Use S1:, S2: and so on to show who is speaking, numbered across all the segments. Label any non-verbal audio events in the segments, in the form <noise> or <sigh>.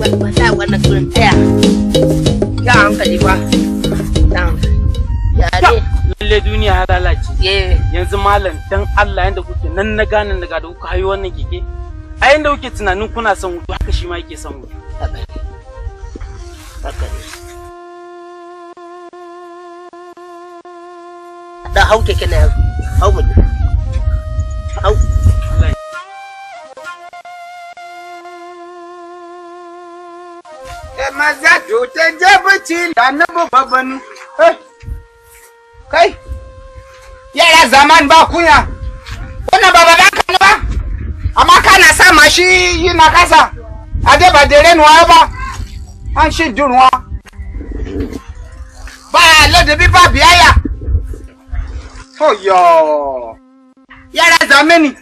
S1: ba sa wannan turin tsaya ya hankali ba lalle duniya ya lalace yanzu malam dan Allah yanda kuke nan na gane daga da kuka hayo wannan keke a yanda kuke tunanin kuna son wuta haka shi ma yake son wuta
S2: da hau keke na hau mutum e maza do ta jabuci da na babanu eh. kai yara zaman ba kunya wannan ba baban ka ba amma kana sa mashi yi na kasa ade ba dere nuwa ba an shi dunwa ba ladabi ba biyayya oyo yara zamani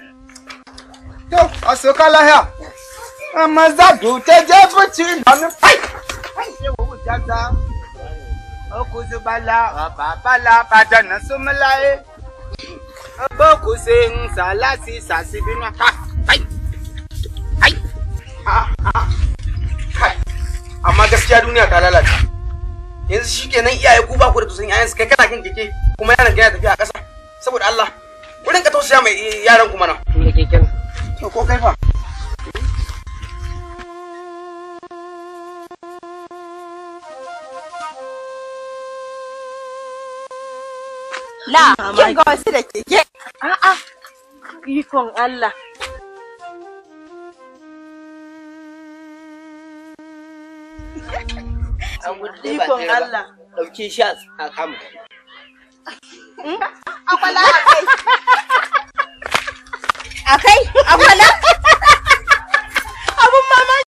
S2: to asoka lahiya amaza maza dute jefuci nanu fai ṣe wo jaja o ku okuzi bala ọba bala badana sumulaye ọgbọkuzi nsalasi
S1: sasibina ha fai ai amma gaskiya duniya ta lalata yanzu shikenan iyaye ku ba ku da tusan su kai kana kin keke kuma yana ga tafiya tafi a ƙasa saboda Allah wurin ka tausaya mai yaran ku mana to ko kai fa La, oh kin ga wasu da keke. A'a, ikon Allah. Ikon Allah. Ɗauke shi a kama.
S2: Hmm? Akwala akai. <laughs> kai. akwala.